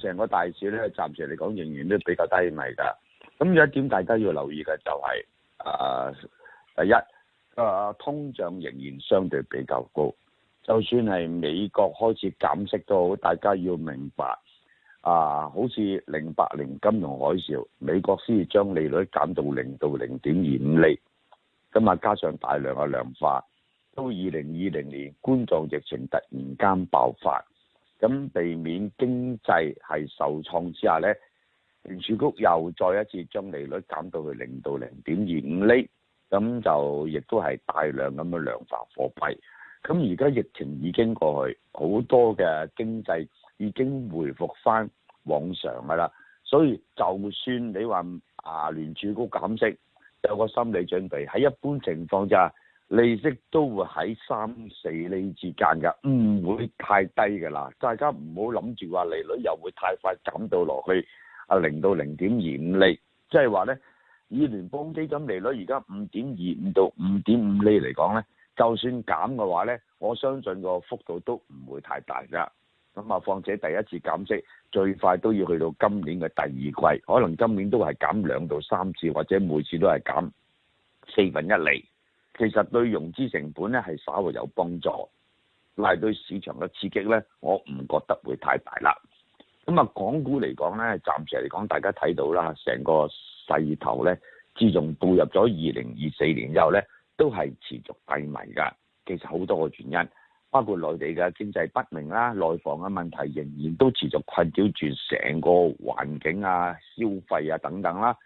成個大市咧，暫時嚟講仍然都比較低迷㗎。咁有一點大家要留意嘅就係，啊，第一啊，通脹仍然相對比較高。就算係美國開始減息都好，大家要明白，啊，好似零八年金融海嘯，美國先至將利率減到零到零點二五釐，咁啊加上大量嘅量化，到二零二零年冠狀疫情突然間爆發。咁避免經濟係受創之下呢，聯儲局又再一次將利率減到去零到零點二五厘，咁就亦都係大量咁樣量化貨幣。咁而家疫情已經過去，好多嘅經濟已經回復翻往常㗎啦。所以就算你話啊聯儲局減息，有個心理準備喺一般情況之下，利息都會喺三四厘之間㗎，唔會太低㗎啦。大家唔好諗住話利率又會太快減到落去啊，零到零點二五厘，即係話呢，以聯邦基金利率而家五點二五到五點五厘嚟講呢，就算減嘅話呢，我相信個幅度都唔會太大㗎。咁啊，況且第一次減息最快都要去到今年嘅第二季，可能今年都係減兩到三次，或者每次都係減四分一厘。其實對融資成本咧係稍為有幫助，但係對市場嘅刺激咧，我唔覺得會太大啦。咁啊，港股嚟講咧，暫時嚟講，大家睇到啦，成個勢頭咧，自從步入咗二零二四年之後咧，都係持續低迷㗎。其實好多個原因，包括內地嘅經濟不明啦，內房嘅問題仍然都持續困擾住成個環境啊、消費啊等等啦。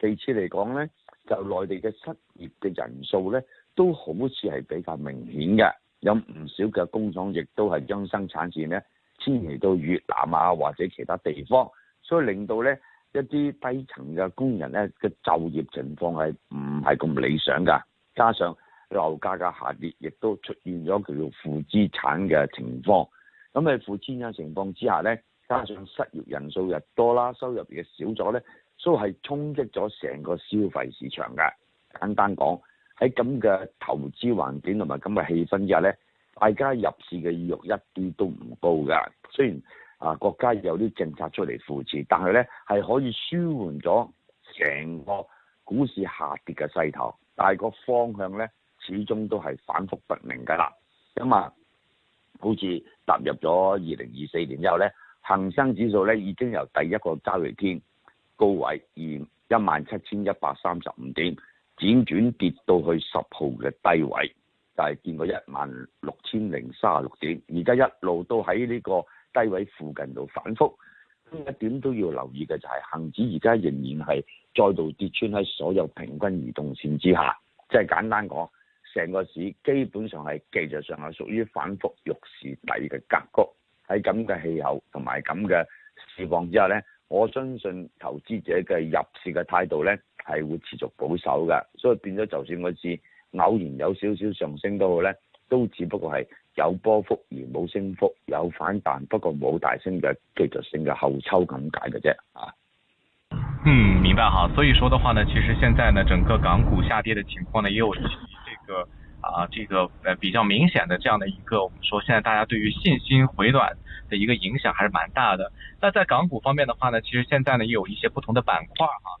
其次嚟講咧，就內地嘅失業嘅人數咧。都好似係比較明顯嘅，有唔少嘅工廠亦都係將生產線呢遷移到越南啊，或者其他地方，所以令到呢一啲低層嘅工人呢嘅就業情況係唔係咁理想㗎。加上樓價嘅下跌，亦都出現咗叫做負資產嘅情況。咁喺負資產情況之下呢，加上失業人數又多啦，收入又少咗呢，都係衝擊咗成個消費市場㗎。簡單講。喺咁嘅投資環境同埋咁嘅氣氛之下呢，大家入市嘅意欲一啲都唔高嘅。雖然啊，國家有啲政策出嚟扶持，但係呢係可以舒緩咗成個股市下跌嘅勢頭，但係個方向呢，始終都係反覆不明㗎啦。咁啊，好似踏入咗二零二四年之後呢，恒生指數呢，已經由第一個交易天高位於一萬七千一百三十五點。輾轉跌到去十號嘅低位，但係見過一萬六千零三十六點，而家一路都喺呢個低位附近度反覆。一點都要留意嘅就係，恒指而家仍然係再度跌穿喺所有平均移動線之下，即係簡單講，成個市基本上係技術上係屬於反覆弱市底嘅格局。喺咁嘅氣候同埋咁嘅市況之下呢，我相信投資者嘅入市嘅態度呢，係會持續保守嘅，所以變咗就算我知偶然有少少上升都好呢，都只不過係有波幅而冇升幅，有反彈不過冇大升嘅技術性嘅後抽咁解嘅啫啊。嗯，明白哈。所以說的話呢，其實現在呢，整個港股下跌的情況呢，也有這個啊，這個呃比較明顯的這樣的一個，我們說現在大家對於信心回暖的一個影響還是蠻大的，那在港股方面的話呢，其實現在呢，也有一些不同的板塊哈、啊。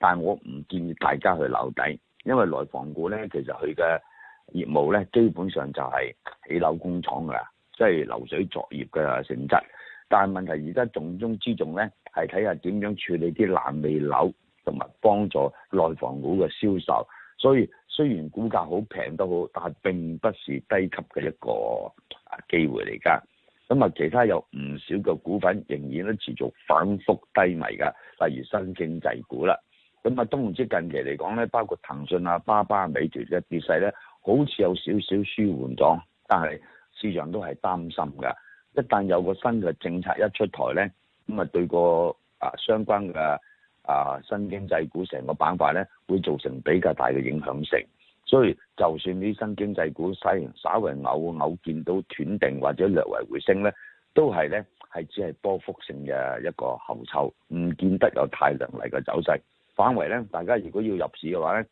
但係我唔建議大家去撈底，因為內房股咧，其實佢嘅業務咧，基本上就係起樓工廠㗎，即係流水作業嘅性質。但係問題而家重中之重咧，係睇下點樣處理啲爛尾樓，同埋幫助內房股嘅銷售。所以雖然股價好平都好，但係並不是低級嘅一個啊機會嚟噶。咁啊，其他有唔少嘅股份仍然都持續反覆低迷㗎，例如新經濟股啦。咁啊，都唔知近期嚟講咧，包括騰訊啊、巴巴、美團嘅跌勢咧，好似有少少舒緩咗，但係市場都係擔心㗎。一旦有個新嘅政策一出台咧，咁啊，對個啊相關嘅啊新經濟股成個板塊咧，會造成比較大嘅影響性。所以就算啲新經濟股細稍為偶偶見到斷定或者略為回升咧，都係咧係只係波幅性嘅一個後抽，唔見得有太凌厲嘅走勢。範圍咧，大家如果要入市嘅話咧，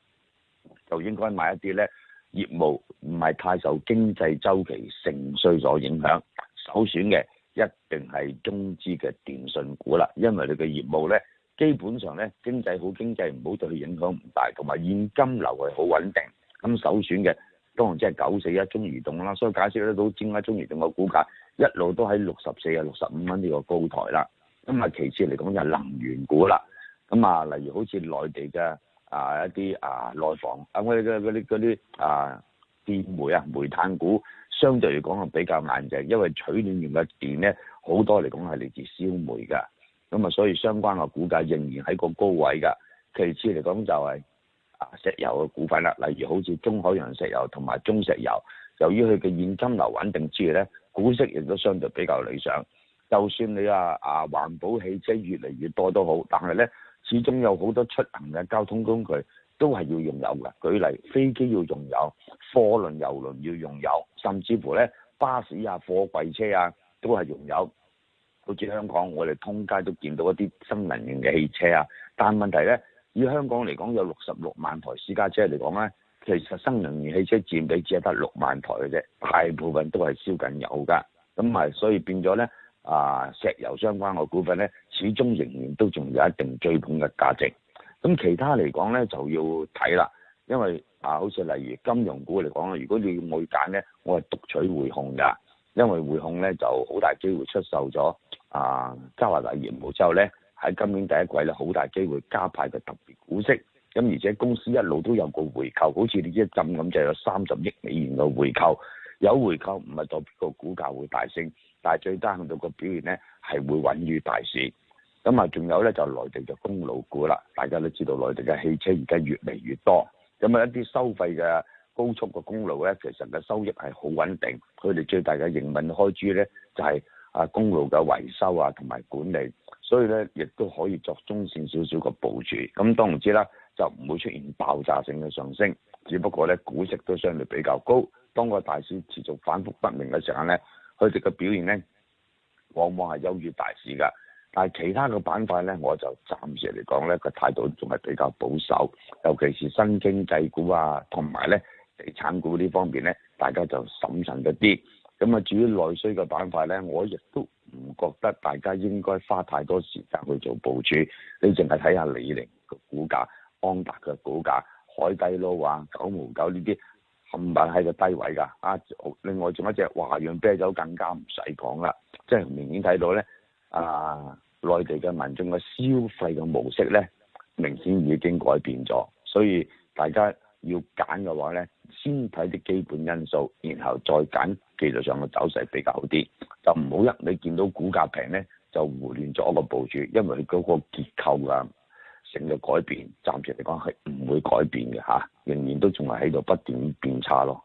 就應該買一啲咧業務唔係太受經濟週期盛衰所影響，首選嘅一定係中資嘅電信股啦，因為你嘅業務咧基本上咧經濟好經濟唔好對佢影響唔大，同埋現金流係好穩定。咁、嗯、首選嘅當然即係九四一中移動啦，所以解釋得到點解中移動嘅股價一路都喺六十四啊六十五蚊呢個高台啦。咁、嗯、啊其次嚟講就係能源股啦。咁啊，例如好似內地嘅啊一啲啊內房啊，我哋嘅嗰啲啲啊電煤啊煤炭股相對嚟講係比較硬淨，因為取暖用嘅電咧好多嚟講係嚟自燒煤嘅，咁啊所以相關嘅股價仍然喺個高位㗎。其次嚟講就係啊石油嘅股份啦、啊，例如好似中海洋石油同埋中石油，由於佢嘅現金流穩定之餘咧，股息亦都相對比較理想。就算你啊啊環保汽車越嚟越多都好，但係咧。始終有好多出行嘅交通工具都係要用油嘅，舉例飛機要用油，貨輪、油輪要用油，甚至乎咧巴士啊、貨櫃車啊都係用油。好似香港，我哋通街都見到一啲新能源嘅汽車啊，但係問題咧，以香港嚟講，有六十六萬台私家車嚟講咧，其實新能源汽車佔比只係得六萬台嘅啫，大部分都係燒緊油㗎，咁咪所以變咗咧。啊，石油相關嘅股份咧，始終仍然都仲有一定追捧嘅價值。咁其他嚟講咧，就要睇啦。因為啊，好似例如金融股嚟講，如果你要我揀咧，我係獨取匯控噶。因為匯控咧就好大機會出售咗啊，加拿大業務之後咧，喺今年第一季咧好大機會加派嘅特別股息。咁而且公司一路都有個回購，好似你一浸咁就有三十億美元嘅回購。有回購唔係代表個股價會大升。但係最低限度嘅表現咧，係會穩於大市。咁啊，仲有咧就內地嘅公路股啦。大家都知道內地嘅汽車而家越嚟越多，咁啊一啲收費嘅高速嘅公路咧，其實嘅收益係好穩定。佢哋最大嘅營運開支咧就係公路嘅維修啊同埋管理，所以咧亦都可以作中線少少個部署。咁當然知啦，就唔會出現爆炸性嘅上升，只不過咧股息都相對比較高。當個大市持續反覆不明嘅時候咧，佢哋嘅表現呢，往往係優於大市㗎。但係其他嘅板塊呢，我就暫時嚟講呢個態度仲係比較保守，尤其是新經濟股啊，同埋呢地產股呢方面呢，大家就審慎一啲。咁啊，至於內需嘅板塊呢，我亦都唔覺得大家應該花太多時間去做部署。你淨係睇下李寧嘅股價、安踏嘅股價、海底撈啊、九毛九呢啲。冚唪唥喺個低位噶，啊！另外仲有一隻華潤啤酒更加唔使講啦，即係明顯睇到咧，啊！內地嘅民眾嘅消費嘅模式咧，明顯已經改變咗，所以大家要揀嘅話咧，先睇啲基本因素，然後再揀技術上嘅走勢比較好啲，就唔好一你見到股價平咧，就胡亂咗一個部署，因為佢嗰個結構啦、啊。成個改變，暫時嚟講係唔會改變嘅嚇，啊，仍然都仲係喺度不斷變差咯。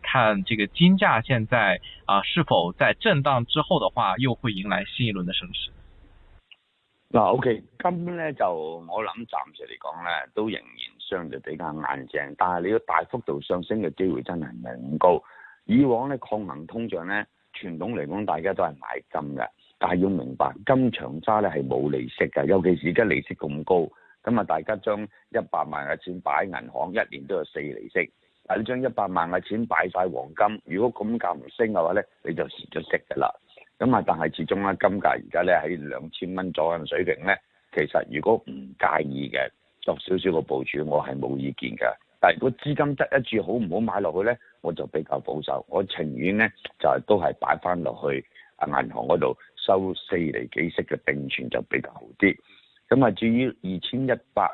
看這個金價現在啊、呃，是否在震盪之後的話，又會迎來新一輪的升勢？嗱，OK，金咧就我諗暫時嚟講咧，都仍然相對比較硬淨，但係你要大幅度上升嘅機會真係唔係咁高。以往咧抗衡通脹咧，傳統嚟講大家都係買金嘅，但係要明白金長揸咧係冇利息嘅，尤其是而家利息咁高，咁啊大家將一百萬嘅錢擺喺銀行，一年都有四利息。但你將一百萬嘅錢擺晒黃金，如果金價唔升嘅話咧，你就蝕咗息㗎啦。咁啊，但係始終咧，金價而家咧喺兩千蚊左右嘅水平咧，其實如果唔介意嘅，作少少嘅部署，我係冇意見嘅。但係如果資金得一注，好唔好買落去咧，我就比較保守。我情願咧就係、是、都係擺翻落去啊銀行嗰度收四厘幾息嘅定存就比較好啲。咁啊，至於二千一百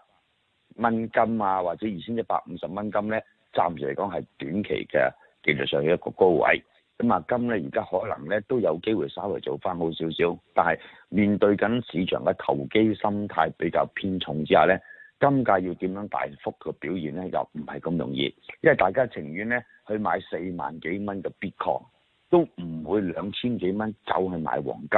蚊金啊，或者二千一百五十蚊金咧。暫時嚟講係短期嘅技術上嘅一個高位，咁啊金咧而家可能咧都有機會稍微做翻好少少，但係面對緊市場嘅投機心態比較偏重之下咧，金價要點樣大幅嘅表現咧又唔係咁容易，因為大家情願咧去買四萬幾蚊嘅 Bitcoin，都唔會兩千幾蚊走去買黃金，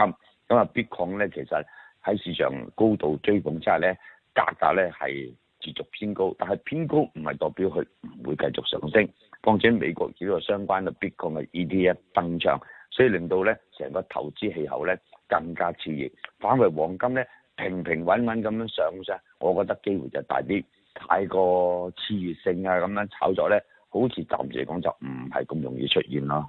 咁啊 Bitcoin 咧其實喺市場高度追捧之下咧，價格咧係。持續偏高，但係偏高唔係代表佢唔會繼續上升。況且美國與呢個相關嘅比特幣嘅 ETF 登場，所以令到咧成個投資氣候咧更加熾熱。反為黃金咧平平穩穩咁樣上升，我覺得機會就大啲。太過熾熱性啊咁樣炒作咧，好似暫時嚟講就唔係咁容易出現咯。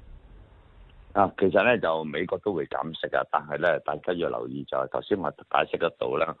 啊，其實咧就美國都會減息啊，但係咧大家要留意就係頭先我解釋得到啦，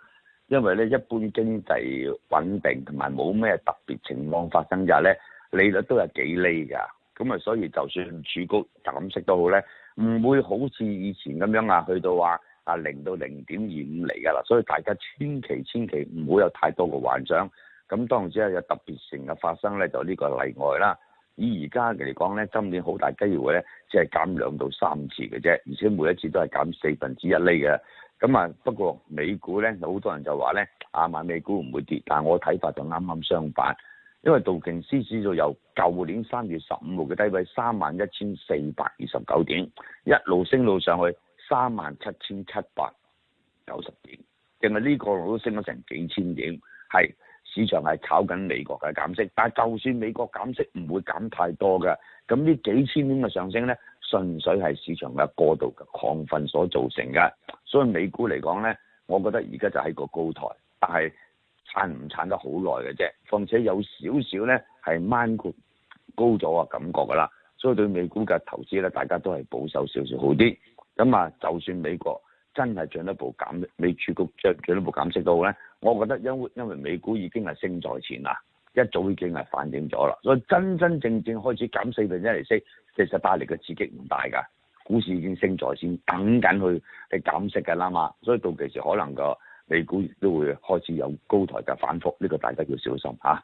因為咧一般經濟穩定同埋冇咩特別情況發生嘅咧，利率都係幾厘㗎，咁啊所以就算儲局減息都好咧，唔會好似以前咁樣啊，去到話啊零到零點二五嚟㗎啦，所以大家千祈千祈唔好有太多嘅幻想，咁當然之後有特別性嘅發生咧，就呢個例外啦。以而家嘅嚟講咧，今年好大機會咧，只係減兩到三次嘅啫，而且每一次都係減四分之一厘嘅。咁啊，不過美股咧有好多人就話咧，啊買美股唔會跌，但係我睇法就啱啱相反，因為道瓊斯指數由舊年三月十五號嘅低位三萬一千四百二十九點，一路升到上去三萬七千七百九十點，淨係呢個我都升咗成幾千點，係。市場係炒緊美國嘅減息，但係就算美國減息唔會減太多嘅，咁呢幾千年嘅上升咧，純粹係市場嘅過度嘅亢奮所造成嘅。所以美股嚟講咧，我覺得而家就係個高台，但係撐唔撐得好耐嘅啫，況且有少少咧係掹過高咗嘅感覺㗎啦。所以對美股嘅投資咧，大家都係保守少少少好啲。咁啊，就算美國。真係進一步減，美儲局進一步減息都好咧。我覺得因為因為美股已經係升在前啦，一早已經係反映咗啦，所以真真正正開始減四分一厘息，其實帶嚟嘅刺激唔大㗎。股市已經升在前，等緊去嚟減息㗎啦嘛，所以到時可能個美股都會開始有高台嘅反覆，呢個大家要小心嚇。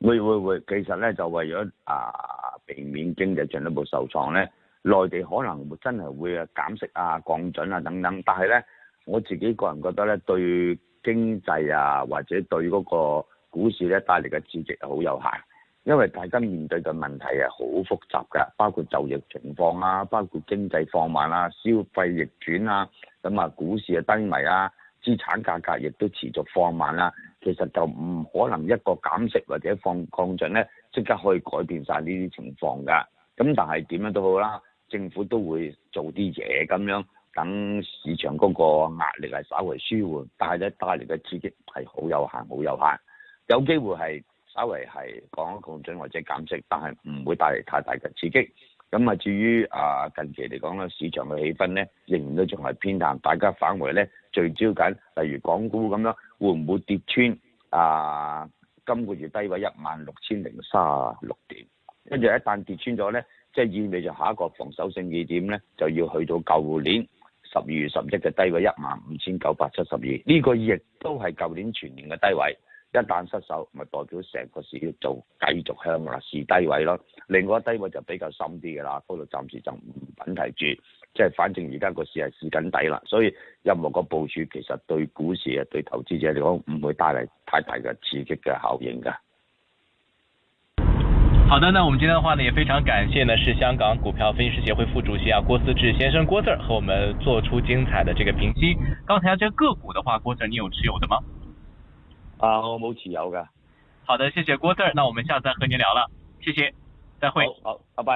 會會會，其實咧就為咗啊避免經濟進一步受創咧，內地可能真的會真係會啊減息啊降準啊等等，但係咧我自己個人覺得咧，對經濟啊或者對嗰個股市咧帶嚟嘅刺激好有限，因為大家面對嘅問題係好複雜噶，包括就業情況啊，包括經濟放慢啊，消費逆轉啊，咁啊股市嘅低迷啊，資產價格亦都持續放慢啦，啊。其實就唔可能一個減息或者降準呢，即刻可以改變晒呢啲情況㗎。咁但係點樣都好啦，政府都會做啲嘢咁樣，等市場嗰個壓力係稍微舒緩，但係咧帶嚟嘅刺激係好有限，好有限。有機會係稍微係降一降準或者減息，但係唔會帶嚟太大嘅刺激。咁啊，至於啊近期嚟講咧，市場嘅氣氛呢，仍然都仲係偏淡，大家反而呢，聚焦緊，例如港股咁樣。會唔會跌穿啊？今個月低位一萬六千零三十六點，跟住一旦跌穿咗咧，即係意味着下一個防守性二點咧，就要去到舊年十二月十一日嘅低位一萬五千九百七十二，呢個亦都係舊年全年嘅低位。一旦失手，咪代表成個市要做繼續向啦，試低位咯。另外一低位就比較深啲噶啦，嗰度暫時就唔問題住，即係反正而家個市係試緊底啦。所以任何個部署其實對股市啊，對投資者嚟講唔會帶嚟太大嘅刺激嘅效應噶。好的，那我們今天的話呢，也非常感謝呢，是香港股票分析師協會副主席啊，郭思治先生郭 Sir 和我們做出精彩的這個評析。剛才這個個股的話，郭 Sir 你有持有的嗎？啊，我冇持有噶。好的，謝謝郭 Sir，那我們下次再和您聊了，謝謝，再會。好，好，拜拜。